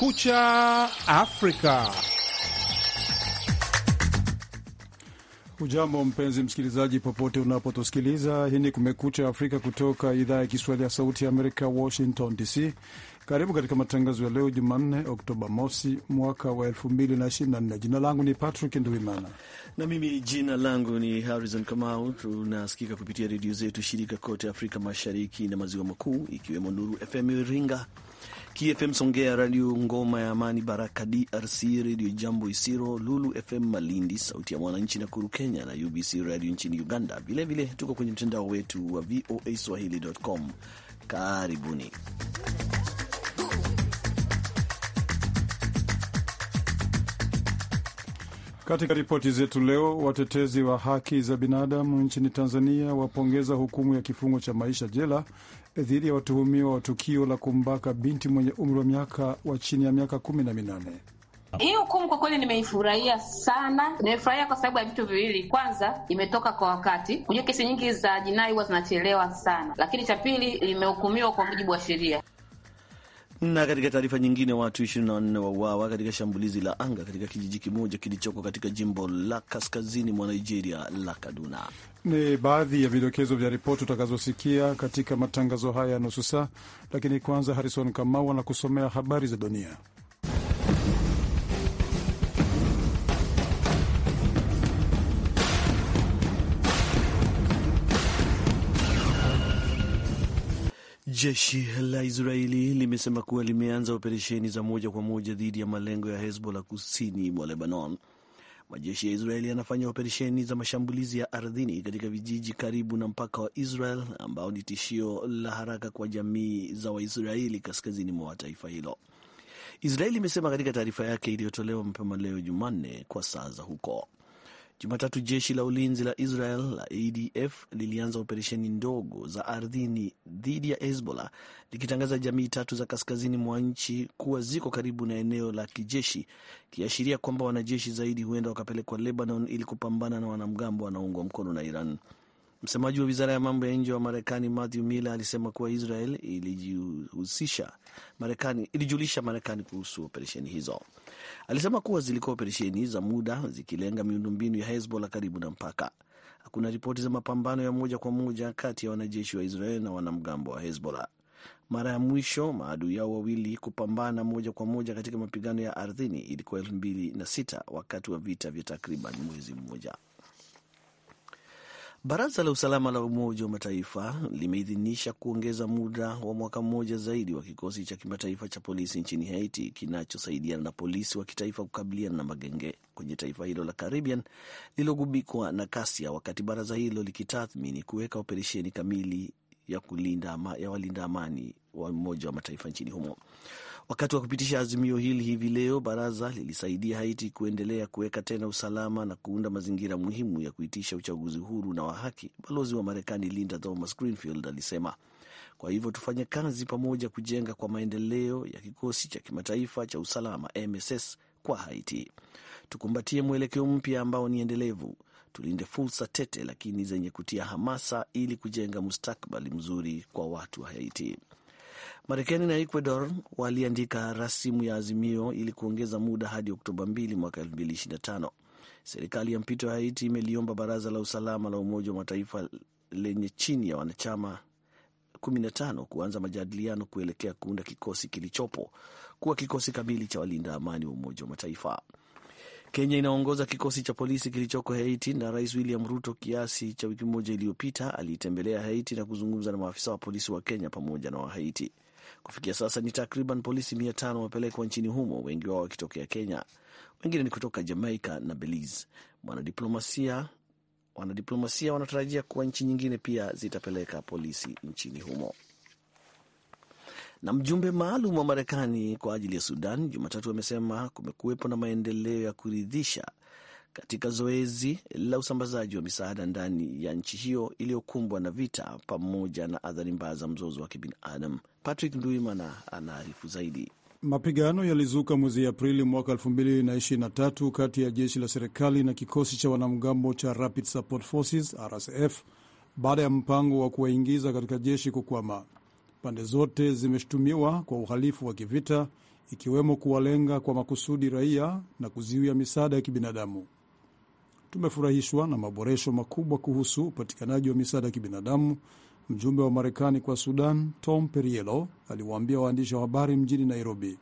Kumekucha Afrika. Ujambo mpenzi msikilizaji, popote unapotusikiliza. Hii ni Kumekucha Afrika kutoka idhaa ya Kiswahili ya Sauti ya Amerika, Washington DC. Karibu katika matangazo ya leo Jumanne, Oktoba mosi mwaka wa 2024. Jina langu ni Patrick Nduimana na mimi jina langu ni Harrison Kamau. Tunasikika kupitia redio zetu shirika kote Afrika Mashariki na Maziwa Makuu, ikiwemo Nuru FM Iringa, KFM Songea, Radio Ngoma ya Amani, Baraka DRC, Radio Jambo Isiro, Lulu FM Malindi, Sauti ya Mwananchi Nakuru Kenya na UBC Radio nchini Uganda. Vilevile tuko kwenye mtandao wetu wa VOA Swahili.com. Karibuni. Katika ripoti zetu leo, watetezi wa haki za binadamu nchini Tanzania wapongeza hukumu ya kifungo cha maisha jela dhidi ya watuhumiwa wa tukio la kumbaka binti mwenye umri wa miaka wa chini ya miaka kumi na minane. Hii hukumu kwa kweli nimeifurahia sana. Nimefurahia kwa sababu ya vitu viwili. Kwanza, imetoka kwa wakati. Hujua kesi nyingi za jinai huwa zinachelewa sana, lakini cha pili, limehukumiwa kwa mujibu wa sheria. Na katika taarifa nyingine, watu 24 wauawa katika shambulizi la anga katika kijiji kimoja kilichoko katika jimbo la kaskazini mwa Nigeria la Kaduna. Ni baadhi ya vidokezo vya ripoti utakazosikia katika matangazo haya ya nusu saa, lakini kwanza Harrison Kamau anakusomea habari za dunia. Jeshi la Israeli limesema kuwa limeanza operesheni za moja kwa moja dhidi ya malengo ya Hezbollah kusini mwa Lebanon. Majeshi ya Israeli yanafanya operesheni za mashambulizi ya ardhini katika vijiji karibu na mpaka wa Israel ambao ni tishio la haraka kwa jamii za Waisraeli kaskazini mwa taifa hilo. Israeli imesema katika taarifa yake iliyotolewa mapema leo Jumanne kwa saa za huko. Jumatatu jeshi la ulinzi la Israel la ADF lilianza operesheni ndogo za ardhini dhidi ya Hezbollah likitangaza jamii tatu za kaskazini mwa nchi kuwa ziko karibu na eneo la kijeshi, ikiashiria kwamba wanajeshi zaidi huenda wakapelekwa Lebanon ili kupambana na wanamgambo wanaoungwa mkono na Iran. Msemaji wa wizara ya mambo ya nje wa Marekani Matthew Miller alisema kuwa Israel ilijulisha Marekani kuhusu operesheni hizo. Alisema kuwa zilikuwa operesheni za muda zikilenga miundombinu ya Hezbollah karibu na mpaka. Hakuna ripoti za mapambano ya moja kwa moja kati ya wanajeshi wa Israel na wanamgambo wa Hezbollah. Mara ya mwisho maadui yao wawili kupambana moja kwa moja katika mapigano ya ardhini ilikuwa elfu mbili na sita wakati wa vita vya takriban mwezi mmoja. Baraza la Usalama la Umoja wa Mataifa limeidhinisha kuongeza muda wa mwaka mmoja zaidi wa kikosi cha kimataifa cha polisi nchini Haiti kinachosaidiana na polisi wa kitaifa kukabiliana na magenge kwenye taifa hilo la Caribbean lililogubikwa na kasia, wakati baraza hilo likitathmini kuweka operesheni kamili ya kulinda ama, ya walinda amani wa Umoja wa Mataifa nchini humo. Wakati wa kupitisha azimio hili hivi leo, baraza lilisaidia Haiti kuendelea kuweka tena usalama na kuunda mazingira muhimu ya kuitisha uchaguzi huru na wa haki, balozi wa Marekani Linda Thomas Greenfield alisema. Kwa hivyo tufanye kazi pamoja kujenga kwa maendeleo ya kikosi cha kimataifa cha usalama MSS kwa Haiti. Tukumbatie mwelekeo mpya ambao ni endelevu, tulinde fursa tete lakini zenye kutia hamasa, ili kujenga mustakbali mzuri kwa watu wa Haiti. Marekani na Ecuador waliandika rasimu ya azimio ili kuongeza muda hadi Oktoba 2 mwaka 2025. Serikali ya mpito ya Haiti imeliomba Baraza la Usalama la Umoja wa Mataifa lenye chini ya wanachama 15 kuanza majadiliano kuelekea kuunda kikosi kilichopo kuwa kikosi kamili cha walinda amani wa Umoja wa Mataifa. Kenya inaongoza kikosi cha polisi kilichoko Haiti na Rais William Ruto kiasi cha wiki moja iliyopita aliitembelea Haiti na kuzungumza na maafisa wa polisi wa Kenya pamoja na wa Haiti. Kufikia sasa ni takriban polisi mia tano wamepelekwa nchini humo, wengi wao wakitokea Kenya, wengine ni kutoka Jamaica na Belize. Mwanadiplomasia wanadiplomasia wanatarajia kuwa nchi nyingine pia zitapeleka polisi nchini humo. Na mjumbe maalum wa Marekani kwa ajili ya Sudan Jumatatu amesema kumekuwepo na maendeleo ya kuridhisha katika zoezi la usambazaji wa misaada ndani ya nchi hiyo iliyokumbwa na vita pamoja na athari mbaya za mzozo wa kibinadamu. Patrick Nduimana anaarifu zaidi. Mapigano yalizuka mwezi Aprili mwaka 2023 kati ya jeshi la serikali na kikosi cha wanamgambo cha Rapid Support Forces RSF baada ya mpango wa kuwaingiza katika jeshi kukwama. Pande zote zimeshutumiwa kwa uhalifu wa kivita, ikiwemo kuwalenga kwa makusudi raia na kuziwia misaada ya kibinadamu. Tumefurahishwa na maboresho makubwa kuhusu upatikanaji wa misaada ya kibinadamu, mjumbe wa Marekani kwa Sudan Tom Perriello aliwaambia waandishi wa habari mjini Nairobi.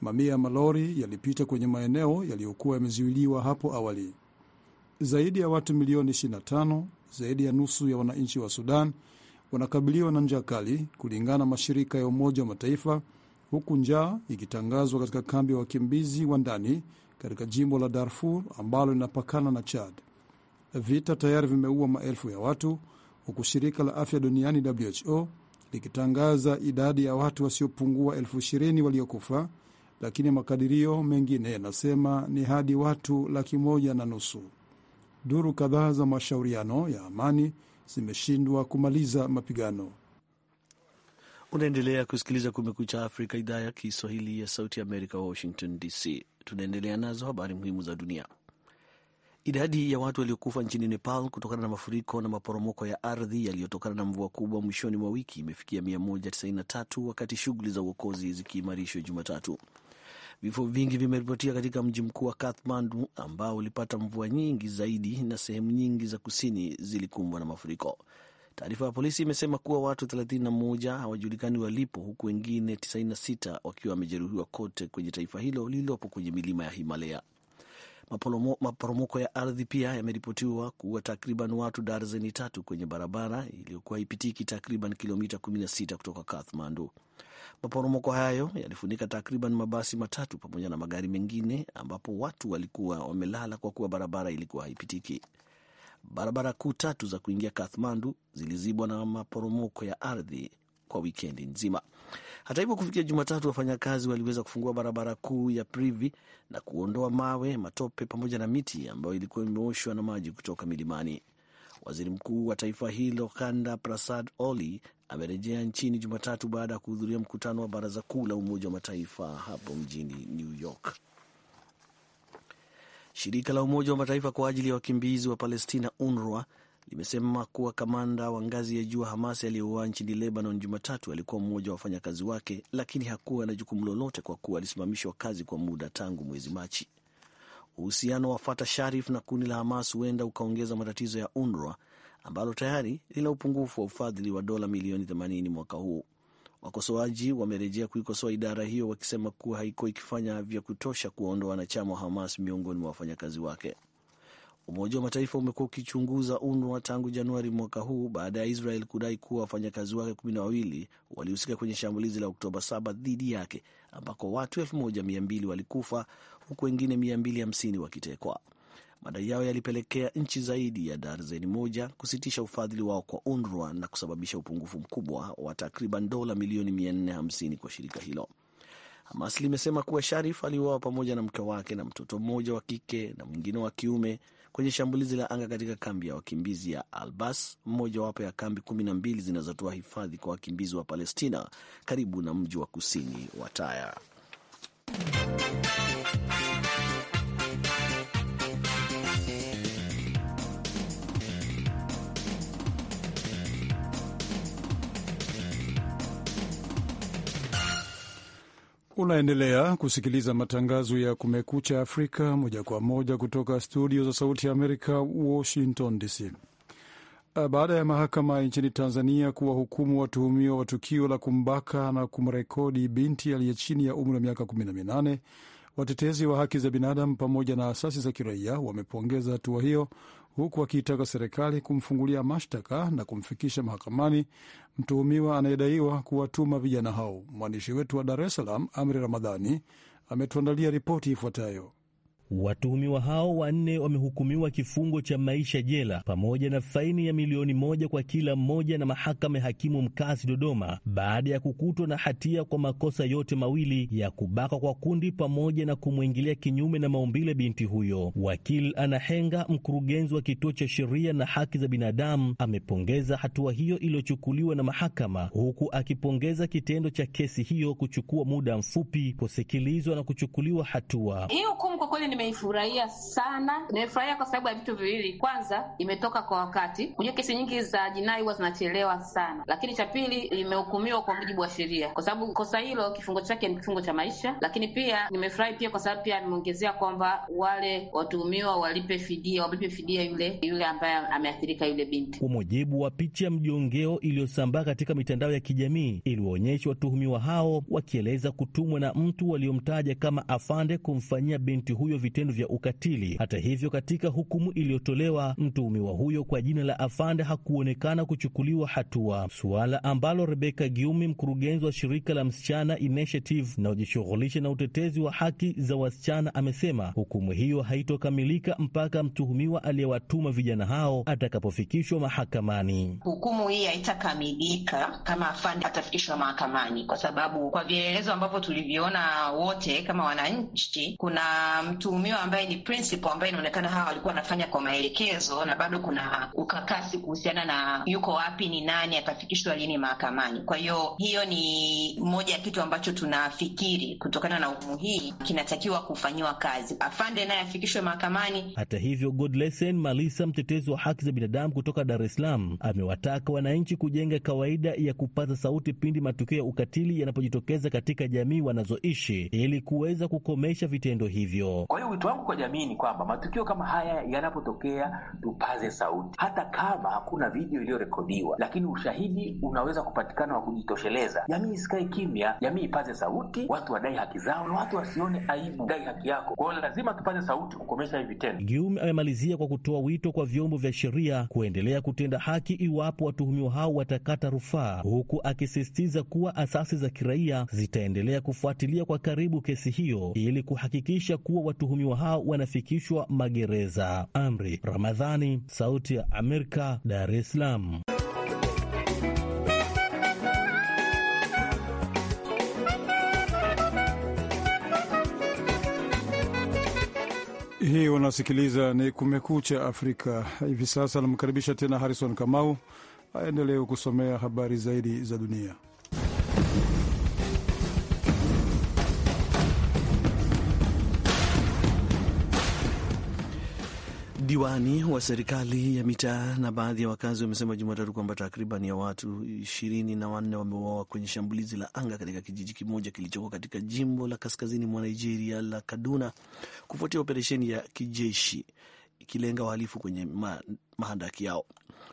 Mamia ya malori yalipita kwenye maeneo yaliyokuwa yamezuiliwa hapo awali. Zaidi ya watu milioni 25, zaidi ya nusu ya wananchi wa Sudan wanakabiliwa na njaa kali, kulingana na mashirika ya Umoja wa Mataifa, huku njaa ikitangazwa katika kambi ya wakimbizi wa ndani katika jimbo la Darfur ambalo linapakana na Chad. Vita tayari vimeua maelfu ya watu, huku shirika la afya duniani WHO likitangaza idadi ya watu wasiopungua elfu ishirini waliokufa, lakini makadirio mengine yanasema ni hadi watu laki moja na nusu. Duru kadhaa za mashauriano ya amani zimeshindwa kumaliza mapigano. Unaendelea kusikiliza Kumekucha Afrika, idhaa ya Kiswahili ya Sauti ya Amerika, Washington DC. Tunaendelea nazo habari muhimu za dunia. Idadi ya watu waliokufa nchini Nepal kutokana na mafuriko na maporomoko ya ardhi yaliyotokana na mvua kubwa mwishoni mwa wiki imefikia 193 wakati shughuli za uokozi zikiimarishwa Jumatatu. Vifo vingi vimeripotiwa katika mji mkuu wa Kathmandu ambao ulipata mvua nyingi zaidi na sehemu nyingi za kusini zilikumbwa na mafuriko. Taarifa ya polisi imesema kuwa watu 31 hawajulikani walipo huku wengine 96 wakiwa wamejeruhiwa kote kwenye taifa hilo lililopo kwenye milima ya Himalaya. Maporomoko ya ardhi pia yameripotiwa kuua takriban watu darzeni tatu kwenye barabara iliyokuwa haipitiki takriban kilomita 16 kutoka Kathmandu. Maporomoko hayo yalifunika takriban mabasi matatu pamoja na magari mengine, ambapo watu walikuwa wamelala kwa kuwa barabara ilikuwa haipitiki. Barabara kuu tatu za kuingia Kathmandu zilizibwa na maporomoko ya ardhi kwa wikendi nzima. Hata hivyo, kufikia Jumatatu, wafanyakazi waliweza kufungua barabara kuu ya Privy na kuondoa mawe, matope pamoja na miti ambayo ilikuwa imeoshwa na maji kutoka milimani. Waziri mkuu wa taifa hilo Kanda Prasad Oli amerejea nchini Jumatatu baada ya kuhudhuria mkutano wa baraza kuu la Umoja wa Mataifa hapo mjini New York. Shirika la Umoja wa Mataifa kwa ajili ya wakimbizi wa Palestina, UNRWA, limesema kuwa kamanda wa ngazi ya juu wa Hamas aliyeuawa nchini Lebanon Jumatatu alikuwa mmoja wa wafanyakazi wake, lakini hakuwa na jukumu lolote kwa kuwa alisimamishwa kazi kwa muda tangu mwezi Machi. Uhusiano wa Fata Sharif na kundi la Hamas huenda ukaongeza matatizo ya UNRWA ambalo tayari lina upungufu wa ufadhili wa dola milioni 80 mwaka huu. Wakosoaji wamerejea kuikosoa idara hiyo wakisema kuwa haikuwa ikifanya vya kutosha kuwaondoa wanachama wa Hamas miongoni mwa wafanyakazi wake. Umoja wa Mataifa umekuwa ukichunguza UNRWA tangu Januari mwaka huu baada ya Israel kudai kuwa wafanyakazi wake kumi na wawili walihusika kwenye shambulizi la Oktoba 7 dhidi yake ambako watu 1200 walikufa huku wengine 250 wakitekwa. Madai yao yalipelekea nchi zaidi ya darzeni moja kusitisha ufadhili wao kwa UNRWA na kusababisha upungufu mkubwa wa takriban dola milioni 450 kwa shirika hilo. Hamas limesema kuwa Sharif aliuawa pamoja na mke wake na mtoto mmoja wa kike na mwingine wa kiume kwenye shambulizi la anga katika kambi ya wakimbizi ya Albas, mmojawapo ya kambi kumi na mbili zinazotoa hifadhi kwa wakimbizi wa Palestina karibu na mji wa kusini wa Taya. Unaendelea kusikiliza matangazo ya Kumekucha Afrika moja kwa moja kutoka studio za Sauti ya Amerika, Washington DC. Eh, baada ya mahakama nchini Tanzania kuwahukumu watuhumiwa wa tukio la kumbaka na kumrekodi binti aliye chini ya umri wa miaka 18, watetezi wa haki za binadamu pamoja na asasi za kiraia wamepongeza hatua hiyo huku akiitaka serikali kumfungulia mashtaka na kumfikisha mahakamani mtuhumiwa anayedaiwa kuwatuma vijana hao. Mwandishi wetu wa Dar es Salaam, Amri Ramadhani, ametuandalia ripoti ifuatayo. Watuhumiwa hao wanne wamehukumiwa kifungo cha maisha jela pamoja na faini ya milioni moja kwa kila mmoja na mahakama ya hakimu mkazi Dodoma baada ya kukutwa na hatia kwa makosa yote mawili ya kubaka kwa kundi pamoja na kumwingilia kinyume na maumbile binti huyo. Wakili Anahenga, mkurugenzi wa kituo cha sheria na haki za binadamu, amepongeza hatua hiyo iliyochukuliwa na mahakama, huku akipongeza kitendo cha kesi hiyo kuchukua muda mfupi kusikilizwa na kuchukuliwa hatua. Hii hukumu kwa kweli nimeifurahia sana. Nimefurahia kwa sababu ya vitu viwili. Kwanza, imetoka kwa wakati. Unajua kesi nyingi za jinai huwa zinachelewa sana, lakini cha pili, imehukumiwa kwa mujibu wa sheria, kwa sababu kosa hilo kifungo chake ni kifungo cha maisha. Lakini pia nimefurahi pia kwa sababu pia ameongezea kwamba wale watuhumiwa walipe fidia, walipe fidia yule yule ambaye ameathirika yule binti. Kwa mujibu wa picha ya mjongeo iliyosambaa katika mitandao ya kijamii, iliwaonyesha watuhumiwa hao wakieleza kutumwa na mtu waliomtaja kama afande kumfanyia binti huyo vitendo vya ukatili. Hata hivyo, katika hukumu iliyotolewa, mtuhumiwa huyo kwa jina la Afande hakuonekana kuchukuliwa hatua, suala ambalo Rebeka Giumi, mkurugenzi wa shirika la Msichana Initiative inayojishughulisha na utetezi wa haki za wasichana, amesema hukumu hiyo haitokamilika mpaka mtuhumiwa aliyewatuma vijana hao atakapofikishwa mahakamani. Hukumu hii haitakamilika kama Afande atafikishwa mahakamani, kwa sababu kwa vielelezo ambavyo tulivyoona wote kama wananchi, kuna mtu mtuhumiwa ambaye ni principal, ambaye inaonekana hawa walikuwa wanafanya kwa maelekezo, na bado kuna ukakasi kuhusiana na yuko wapi, ni nani, atafikishwa lini mahakamani. Kwa hiyo hiyo ni moja ya kitu ambacho tunafikiri kutokana na hukumu hii kinatakiwa kufanyiwa kazi, afande naye afikishwe mahakamani. Hata hivyo, Godlesen Malisa, mtetezi wa haki za binadamu kutoka Dar es Salaam, amewataka wananchi kujenga kawaida ya kupaza sauti pindi matukio ya ukatili yanapojitokeza katika jamii wanazoishi ili kuweza kukomesha vitendo hivyo hiyo wito wangu kwa jamii ni kwamba matukio kama haya yanapotokea, tupaze sauti, hata kama hakuna video iliyorekodiwa, lakini ushahidi unaweza kupatikana wa kujitosheleza. Jamii isikae kimya, jamii ipaze sauti, watu wadai haki zao na watu wasione aibu dai haki yako. Kwa hiyo lazima tupaze sauti kukomesha hivi vitendo. Gium amemalizia kwa kutoa wito kwa vyombo vya sheria kuendelea kutenda haki iwapo watuhumiwa hao watakata rufaa, huku akisisitiza kuwa asasi za kiraia zitaendelea kufuatilia kwa karibu kesi hiyo ili kuhakikisha kuwa watu watuhumiwa hao wanafikishwa magereza. Amri Ramadhani, Sauti ya Amerika, Dar es Salaam. Hii unasikiliza ni Kumekucha Afrika. Hivi sasa anamkaribisha tena Harrison Kamau aendelee kusomea habari zaidi za dunia. diwani wa serikali ya mitaa na baadhi ya wakazi wamesema Jumatatu kwamba takriban ya watu ishirini na wanne wameuawa kwenye shambulizi la anga katika kijiji kimoja kilichoko katika jimbo la kaskazini mwa Nigeria la Kaduna, kufuatia operesheni ya kijeshi ikilenga wahalifu kwenye ma mahandaki yao.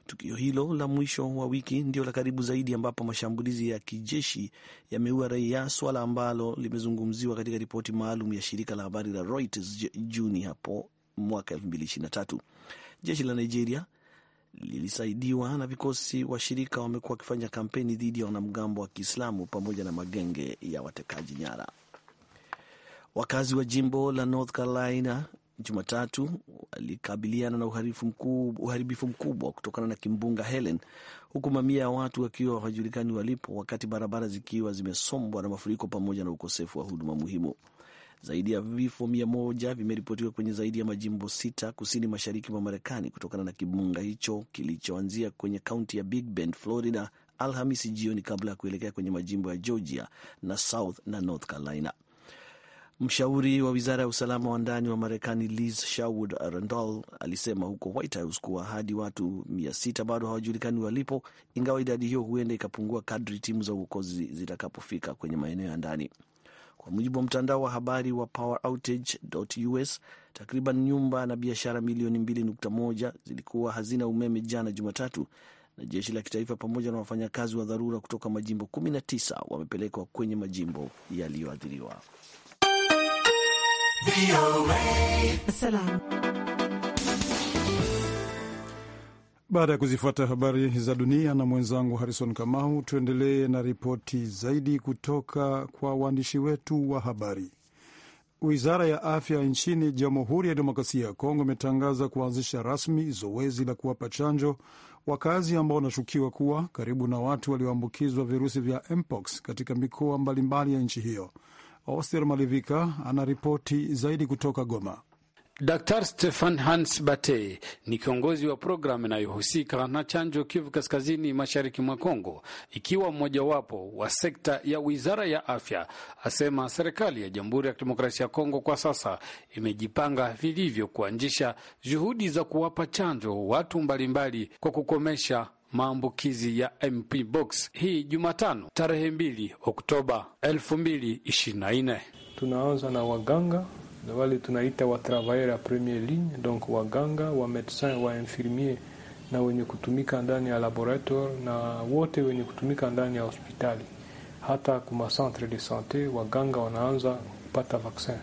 Tukio hilo la mwisho wa wiki ndio la karibu zaidi ambapo mashambulizi ya kijeshi yameua raia, swala ambalo limezungumziwa katika ripoti maalum ya shirika la habari la Reuters Juni hapo mwaka 2023. Jeshi la Nigeria lilisaidiwa na vikosi washirika wamekuwa wakifanya kampeni dhidi ya wanamgambo wa Kiislamu pamoja na magenge ya watekaji nyara. Wakazi wa jimbo la North Carolina Jumatatu walikabiliana na uharibifu mkubwa, uharibifu mkubwa kutokana na kimbunga Helen, huku mamia ya watu wakiwa hawajulikani walipo, wakati barabara zikiwa zimesombwa na mafuriko pamoja na ukosefu wa huduma muhimu. Zaidi ya vifo mia moja vimeripotiwa kwenye zaidi ya majimbo sita kusini mashariki mwa Marekani kutokana na kimbunga hicho kilichoanzia kwenye kaunti ya Big Bend, Florida, Alhamisi jioni kabla ya kuelekea kwenye majimbo ya Georgia na South na North Carolina. Mshauri wa wizara ya usalama wa ndani wa Marekani Liz Sherwood Randall alisema huko White House kuwa hadi watu mia sita bado hawajulikani walipo, ingawa idadi hiyo huenda ikapungua kadri timu za uokozi zitakapofika kwenye maeneo ya ndani. Kwa mujibu wa mtandao wa habari wa poweroutage.us, takriban nyumba na biashara milioni 2.1 zilikuwa hazina umeme jana Jumatatu, na jeshi la kitaifa pamoja na wafanyakazi wa dharura kutoka majimbo 19 wamepelekwa kwenye majimbo yaliyoathiriwa. Baada ya kuzifuata habari za dunia na mwenzangu Harrison Kamau, tuendelee na ripoti zaidi kutoka kwa waandishi wetu wa habari. Wizara ya afya nchini Jamhuri ya Demokrasia ya Kongo imetangaza kuanzisha rasmi zoezi la kuwapa chanjo wakazi ambao wanashukiwa kuwa karibu na watu walioambukizwa virusi vya mpox katika mikoa mbalimbali ya nchi hiyo. Oster Malivika ripoti zaidi kutoka Goma. Dr. Stefan Hans Bate ni kiongozi wa programu inayohusika na chanjo Kivu Kaskazini Mashariki mwa Kongo, ikiwa mmojawapo wa sekta ya Wizara ya Afya, asema serikali ya Jamhuri ya Kidemokrasia ya Kongo kwa sasa imejipanga vilivyo kuanzisha juhudi za kuwapa chanjo watu mbalimbali kwa kukomesha maambukizi ya box Hii Jumatano tarehe 2 Oktoba 2024 tunaanza na waganga na wale tunaita watravayer ya premier ligne, donc waganga, wa medecin, wa infirmier na wenye kutumika ndani ya laboratoire na wote wenye kutumika ndani ya hospitali, hata kuma centre de sante, waganga wanaanza kupata vaccin.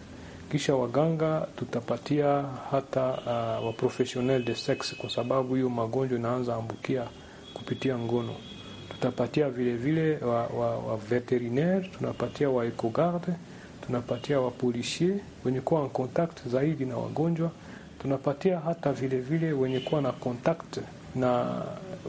Kisha waganga tutapatia hata uh, wa professionnel de sexe, kwa sababu hiyo magonjwa inaanza ambukia kupitia ngono. Tutapatia vilevile wa, wa, wa veterinaire, tunapatia wa ecogarde tunapatia wapolisie wenye kuwa na contact zaidi na wagonjwa, tunapatia hata vilevile vile wenye kuwa na contact na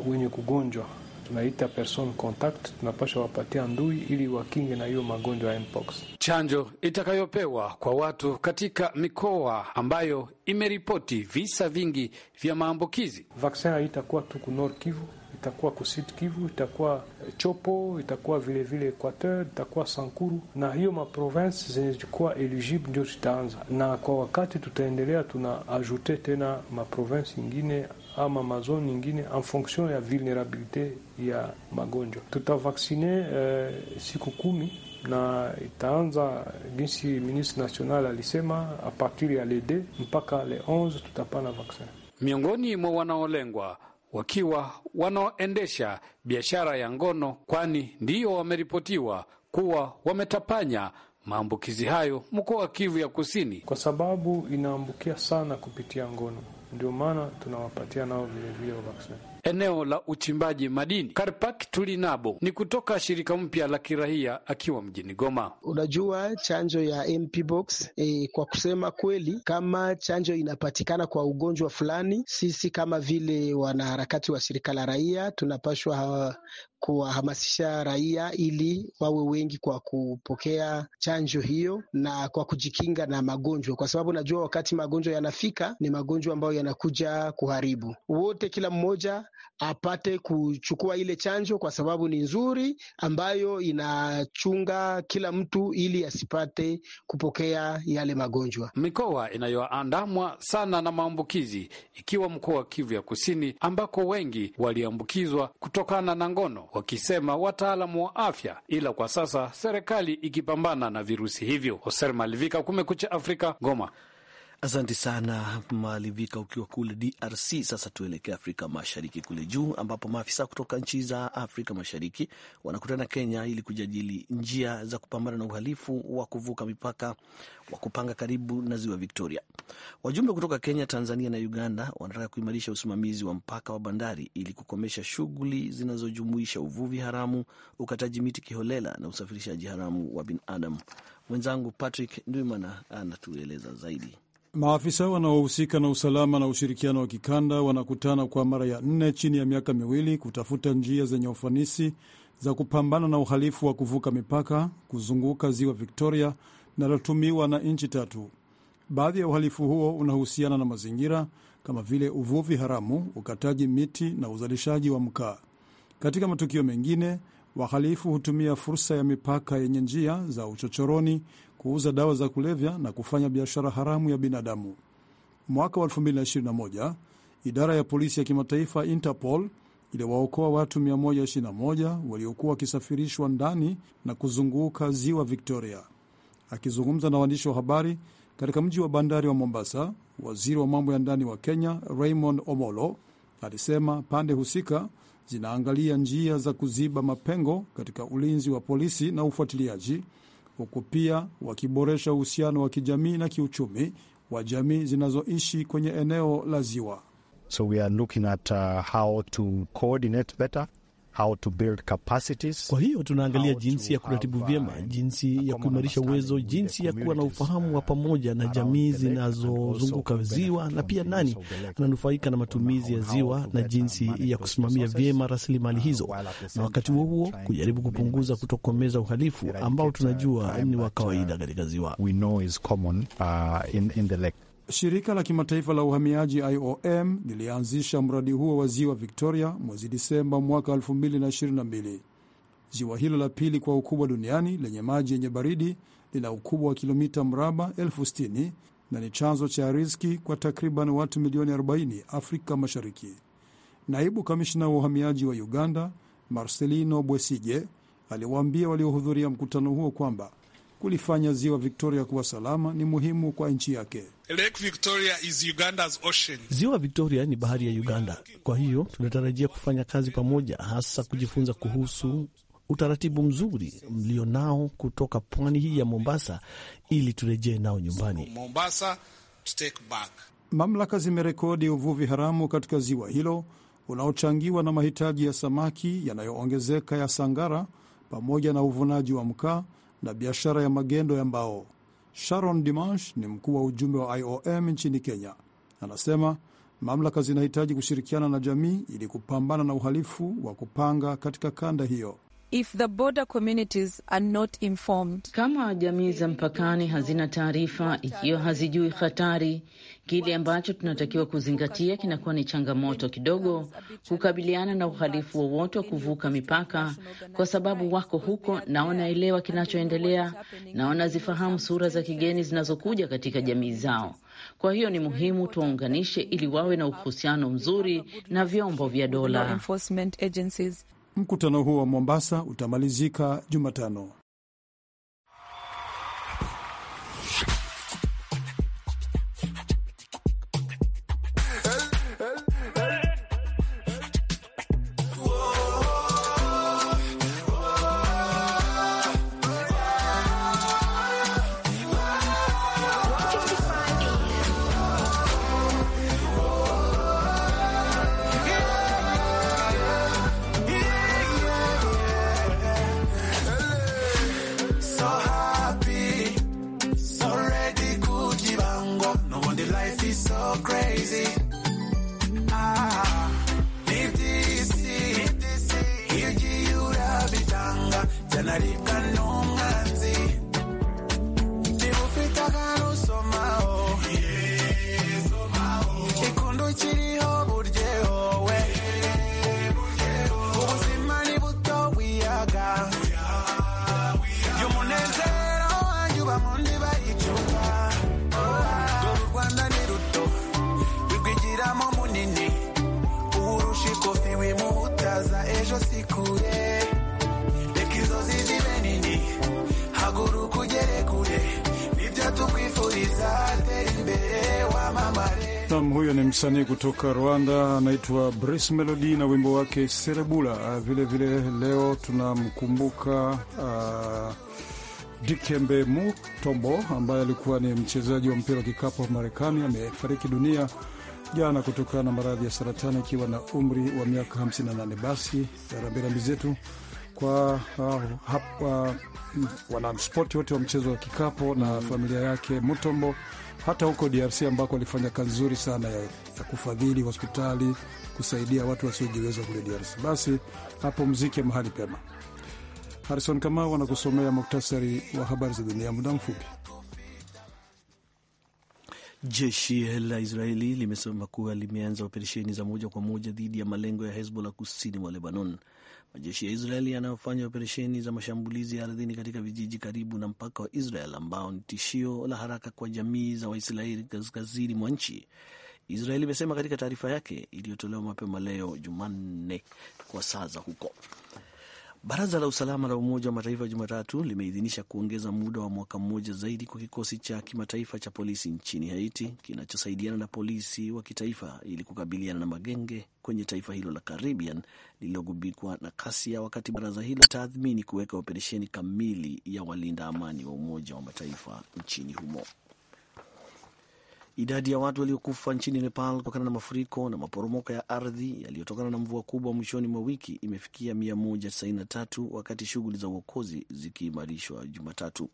wenye kugonjwa tunaita person contact, tunapasha wapatia ndui ili wakinge na hiyo magonjwa ya mpox. Chanjo itakayopewa kwa watu katika mikoa ambayo imeripoti visa vingi vya maambukizi, vaksin haitakuwa tu ku Nord Kivu, itakuwa Kusit Kivu, itakuwa eh, Chopo, itakuwa vilevile Equateur, itakuwa Sankuru na hiyo maprovince zenye zikuwa eligible ndio zitaanza, na kwa wakati tutaendelea tuna ajute tena maprovince ingine ama mazone nyingine en fonction ya vulnerabilite ya magonjwa. Tutavaksine uh, siku kumi na itaanza jinsi ministre national alisema, a partir ya le 2 mpaka le 11 tutapana vaksin. Miongoni mwa wanaolengwa wakiwa wanaoendesha biashara ya ngono, kwani ndiyo wameripotiwa kuwa wametapanya maambukizi hayo mkoa wa Kivu ya Kusini, kwa sababu inaambukia sana kupitia ngono ndio maana tunawapatia nao vilevile vaccine. Eneo la uchimbaji madini Karpak Tulinabo ni kutoka shirika mpya la kirahia akiwa mjini Goma. Unajua chanjo ya Mpox e, kwa kusema kweli, kama chanjo inapatikana kwa ugonjwa fulani, sisi kama vile wanaharakati wa shirika la raia tunapashwa kuwahamasisha raia ili wawe wengi kwa kupokea chanjo hiyo na kwa kujikinga na magonjwa, kwa sababu najua wakati magonjwa yanafika ni magonjwa ambayo yanakuja kuharibu wote. Kila mmoja apate kuchukua ile chanjo, kwa sababu ni nzuri, ambayo inachunga kila mtu ili asipate kupokea yale magonjwa. Mikoa inayoandamwa sana na maambukizi ikiwa mkoa wa Kivu ya Kusini, ambako wengi waliambukizwa kutokana na ngono wakisema wataalamu wa afya, ila kwa sasa serikali ikipambana na virusi hivyo. Hoser Malivika, Kumekucha Afrika, Goma. Asante sana Malivika, ukiwa kule DRC. Sasa tuelekee Afrika Mashariki kule juu, ambapo maafisa kutoka nchi za Afrika Mashariki wanakutana Kenya ili kujadili njia za kupambana na uhalifu wa kuvuka mipaka wa kupanga karibu na ziwa Victoria. Wajumbe kutoka Kenya, Tanzania na Uganda wanataka kuimarisha usimamizi wa mpaka wa bandari ili kukomesha shughuli zinazojumuisha uvuvi haramu, ukataji miti kiholela na usafirishaji haramu wa binadamu. Mwenzangu Patrick Ndwimana anatueleza zaidi. Maafisa wanaohusika na usalama na ushirikiano wa kikanda wanakutana kwa mara ya nne chini ya miaka miwili kutafuta njia zenye ufanisi za kupambana na uhalifu wa kuvuka mipaka kuzunguka ziwa Victoria linalotumiwa na nchi tatu. Baadhi ya uhalifu huo unahusiana na mazingira kama vile uvuvi haramu, ukataji miti na uzalishaji wa mkaa. Katika matukio mengine, wahalifu hutumia fursa ya mipaka yenye njia za uchochoroni kuuza dawa za kulevya na kufanya biashara haramu ya binadamu. Mwaka wa 2021 idara ya polisi ya kimataifa Interpol iliwaokoa watu 121 waliokuwa wakisafirishwa ndani na kuzunguka ziwa Victoria. Akizungumza na waandishi wa habari katika mji wa bandari wa Mombasa, waziri wa mambo ya ndani wa Kenya Raymond Omolo alisema pande husika zinaangalia njia za kuziba mapengo katika ulinzi wa polisi na ufuatiliaji huku pia wakiboresha uhusiano wa kijamii na kiuchumi wa jamii zinazoishi kwenye eneo la ziwa. So we are looking at uh, how to coordinate better how to build capacities. Kwa hiyo tunaangalia jinsi ya kuratibu vyema, jinsi ya kuimarisha uwezo, jinsi ya kuwa na ufahamu wa pamoja na jamii zinazozunguka ziwa, na pia nani ananufaika na matumizi ya ziwa na jinsi ya kusimamia vyema rasilimali hizo, na wakati huo huo kujaribu kupunguza kutokomeza uhalifu ambao uh, tunajua ni wa kawaida uh, katika ziwa. We know is common, uh, in, in the lake. Shirika la kimataifa la uhamiaji IOM lilianzisha mradi huo wa ziwa Victoria mwezi Disemba mwaka 2022. Ziwa hilo la pili kwa ukubwa duniani lenye maji yenye baridi lina ukubwa wa kilomita mraba elfu sitini na ni chanzo cha riski kwa takriban watu milioni 40 Afrika Mashariki. Naibu kamishna wa uhamiaji wa Uganda Marcelino Bwesige aliwaambia waliohudhuria mkutano huo kwamba kulifanya ziwa Victoria kuwa salama ni muhimu kwa nchi yake. Lake Victoria is Uganda's ocean. Ziwa Victoria ni bahari ya Uganda. Kwa hiyo tunatarajia kufanya kazi pamoja, hasa kujifunza kuhusu utaratibu mzuri mlionao kutoka pwani hii ya Mombasa ili turejee nao nyumbani. Mombasa, take back. Mamlaka zimerekodi uvuvi haramu katika ziwa hilo unaochangiwa na mahitaji ya samaki yanayoongezeka ya sangara pamoja na uvunaji wa mkaa na biashara ya magendo ya mbao. Sharon Dimanche ni mkuu wa ujumbe wa IOM nchini Kenya. Anasema mamlaka zinahitaji kushirikiana na jamii ili kupambana na uhalifu wa kupanga katika kanda hiyo. If the border communities are not informed, kama jamii za mpakani hazina taarifa, ikiwa hazijui hatari, kile ambacho tunatakiwa kuzingatia kinakuwa ni changamoto kidogo kukabiliana na uhalifu wowote wa kuvuka mipaka, kwa sababu wako huko na wanaelewa kinachoendelea na wanazifahamu sura za kigeni zinazokuja katika jamii zao. Kwa hiyo ni muhimu tuwaunganishe ili wawe na uhusiano mzuri na vyombo vya dola. Mkutano huo wa Mombasa utamalizika Jumatano. Sam huyo ni msanii kutoka Rwanda, anaitwa Brice Melody na wimbo wake Serebula. Vilevile ah, leo tunamkumbuka uh, Dikembe Mutombo ambaye alikuwa ni mchezaji wa mpira wa kikapu wa Marekani. Amefariki dunia jana kutokana na maradhi ya saratani akiwa na umri wa miaka 58. Basi rambirambi zetu kwa uh, ah, hapa uh, wanaspoti wote wa mchezo wa kikapu na familia yake Mutombo hata huko DRC ambako alifanya kazi nzuri sana ya, ya kufadhili hospitali kusaidia watu wasiojiweza kule DRC. Basi hapo mziki mahali pema. Harison Kamau anakusomea muktasari wa habari za dunia muda mfupi. Jeshi la Israeli limesema kuwa limeanza operesheni za moja kwa moja dhidi ya malengo ya Hezbollah kusini mwa Lebanon. Majeshi ya Israeli yanayofanya operesheni za mashambulizi ya ardhini katika vijiji karibu na mpaka wa Israel ambao ni tishio la haraka kwa jamii za Waisraeli kaskazini mwa nchi. Israeli imesema katika taarifa yake iliyotolewa mapema leo Jumanne kwa saa za huko. Baraza la usalama la Umoja wa Mataifa Jumatatu limeidhinisha kuongeza muda wa mwaka mmoja zaidi kwa kikosi cha kimataifa cha polisi nchini Haiti kinachosaidiana na polisi wa kitaifa ili kukabiliana na magenge kwenye taifa hilo la Caribbean lililogubikwa na kasia, wakati baraza hilo tathmini kuweka operesheni kamili ya walinda amani wa Umoja wa Mataifa nchini humo. Idadi ya watu waliokufa nchini Nepal kutokana na mafuriko na maporomoko ya ardhi yaliyotokana na mvua kubwa mwishoni mwa wiki imefikia 193 wakati shughuli za uokozi zikiimarishwa Jumatatu.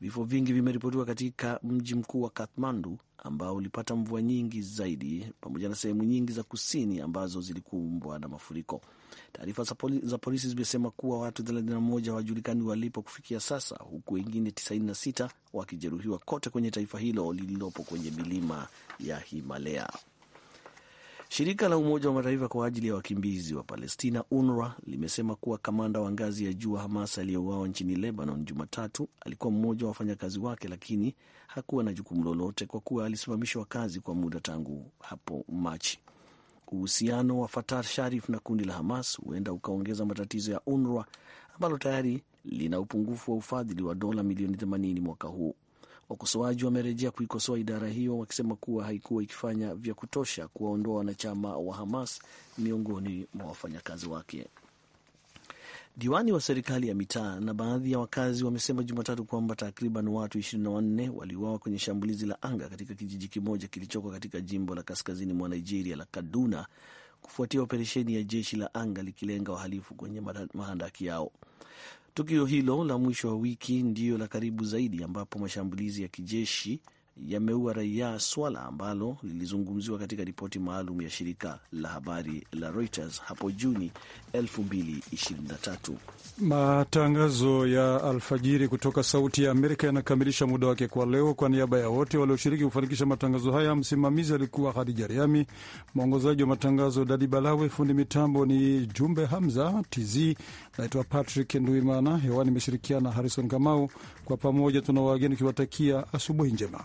Vifo vingi vimeripotiwa katika mji mkuu wa Kathmandu ambao ulipata mvua nyingi zaidi pamoja na sehemu nyingi za kusini ambazo zilikumbwa na mafuriko. Taarifa za polisi zimesema kuwa watu 31 hawajulikani walipo kufikia sasa, huku wengine 96 wakijeruhiwa kote kwenye taifa hilo lililopo kwenye milima ya Himalaya. Shirika la Umoja wa Mataifa kwa ajili ya wakimbizi wa Palestina, UNRWA, limesema kuwa kamanda wa ngazi ya juu wa Hamas aliyeuawa nchini Lebanon Jumatatu alikuwa mmoja wa wafanyakazi wake, lakini hakuwa na jukumu lolote kwa kuwa alisimamishwa kazi kwa muda tangu hapo Machi. Uhusiano wa Fatah Sharif na kundi la Hamas huenda ukaongeza matatizo ya UNRWA ambalo tayari lina upungufu wa ufadhili wa dola milioni 80 mwaka huu. Wakosoaji wamerejea kuikosoa idara hiyo wakisema kuwa haikuwa ikifanya vya kutosha kuwaondoa wanachama wa Hamas miongoni mwa wafanyakazi wake. Diwani wa serikali ya mitaa na baadhi ya wakazi wamesema Jumatatu kwamba takriban watu 24 waliuawa kwenye shambulizi la anga katika kijiji kimoja kilichoko katika jimbo la kaskazini mwa Nigeria la Kaduna, kufuatia operesheni ya jeshi la anga likilenga wahalifu kwenye mahandaki yao. Tukio hilo la mwisho wa wiki ndiyo la karibu zaidi ambapo mashambulizi ya kijeshi yameua raia, swala ambalo lilizungumziwa katika ripoti maalum ya shirika la habari la Reuters hapo Juni 2023. Matangazo ya alfajiri kutoka Sauti ya Amerika yanakamilisha muda wake kwa leo. Kwa niaba ya wote walioshiriki kufanikisha matangazo haya, msimamizi alikuwa Hadija Riami, mwongozaji wa matangazo Dadi Balawe, fundi mitambo ni Jumbe Hamza TZ. Naitwa Patrick Nduimana, hewani imeshirikiana Harrison Kamau. Kwa pamoja tuna wageni ukiwatakia asubuhi njema.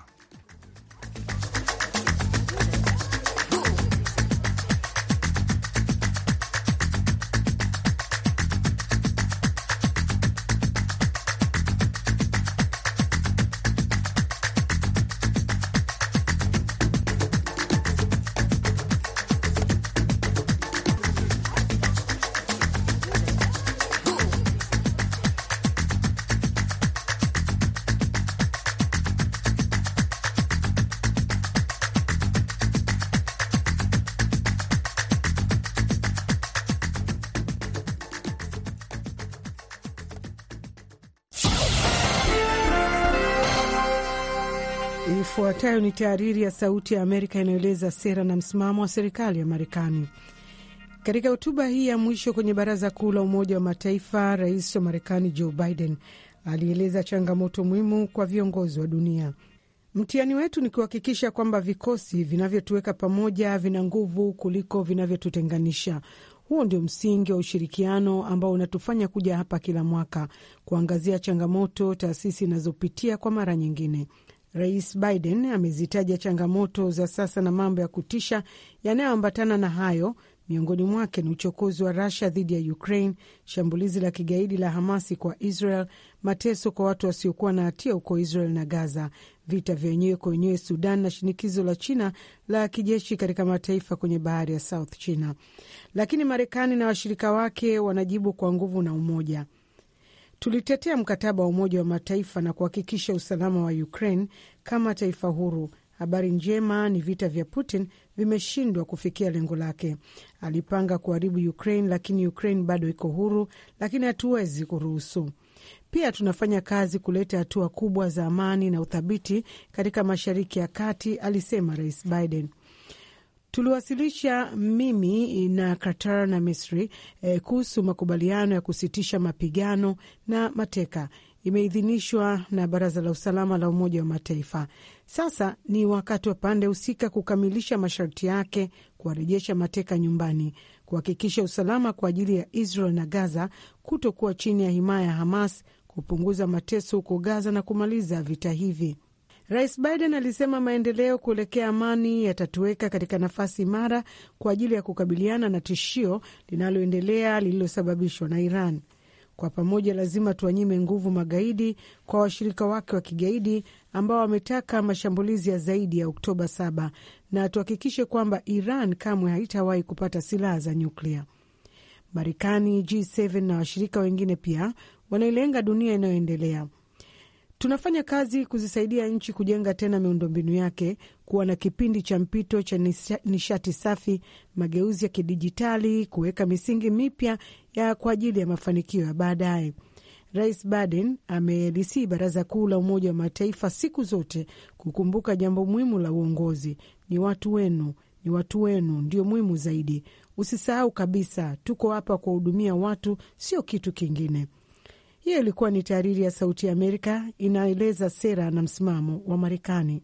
Ifuatayo ni tahariri ya Sauti ya Amerika inayoeleza sera na msimamo wa serikali ya Marekani. Katika hotuba hii ya mwisho kwenye Baraza Kuu la Umoja wa Mataifa, rais wa Marekani Joe Biden alieleza changamoto muhimu kwa viongozi wa dunia. Mtihani wetu ni kuhakikisha kwamba vikosi vinavyotuweka pamoja vina nguvu kuliko vinavyotutenganisha. Huo ndio msingi wa ushirikiano ambao unatufanya kuja hapa kila mwaka kuangazia changamoto taasisi inazopitia kwa mara nyingine. Rais Biden amezitaja changamoto za sasa na mambo ya kutisha yanayoambatana na hayo. Miongoni mwake ni uchokozi wa Russia dhidi ya Ukraine, shambulizi la kigaidi la Hamasi kwa Israel, mateso kwa watu wasiokuwa na hatia huko Israel na Gaza, vita vya wenyewe kwa wenyewe Sudan na shinikizo la China la kijeshi katika mataifa kwenye bahari ya South China. Lakini Marekani na washirika wake wanajibu kwa nguvu na umoja tulitetea mkataba wa Umoja wa Mataifa na kuhakikisha usalama wa Ukraine kama taifa huru. Habari njema ni vita vya Putin vimeshindwa kufikia lengo lake. Alipanga kuharibu Ukraine, lakini Ukraine bado iko huru, lakini hatuwezi kuruhusu. Pia tunafanya kazi kuleta hatua kubwa za amani na uthabiti katika Mashariki ya Kati, alisema Rais Biden tuliwasilisha mimi na Qatar na Misri eh, kuhusu makubaliano ya kusitisha mapigano na mateka imeidhinishwa na Baraza la Usalama la Umoja wa Mataifa. Sasa ni wakati wa pande husika kukamilisha masharti yake, kuwarejesha mateka nyumbani, kuhakikisha usalama kwa ajili ya Israel na Gaza, kutokuwa chini ya himaya ya Hamas, kupunguza mateso huko Gaza na kumaliza vita hivi. Rais Biden alisema maendeleo kuelekea amani yatatuweka katika nafasi imara kwa ajili ya kukabiliana na tishio linaloendelea lililosababishwa na Iran. Kwa pamoja, lazima tuwanyime nguvu magaidi kwa washirika wake wa kigaidi ambao wametaka mashambulizi ya zaidi ya Oktoba 7 na tuhakikishe kwamba Iran kamwe haitawahi kupata silaha za nyuklia. Marekani, G7 na washirika wengine pia wanailenga dunia inayoendelea Tunafanya kazi kuzisaidia nchi kujenga tena miundombinu yake, kuwa na kipindi cha mpito cha nishati safi, mageuzi ya kidijitali, kuweka misingi mipya ya kwa ajili ya mafanikio ya baadaye. Rais Biden amelisii Baraza Kuu la Umoja wa Mataifa siku zote kukumbuka jambo muhimu la uongozi: ni watu wenu, ni watu wenu ndio muhimu zaidi. Usisahau kabisa, tuko hapa kuwahudumia watu, sio kitu kingine. Hiyo ilikuwa ni tahariri ya Sauti ya Amerika inaeleza sera na msimamo wa Marekani.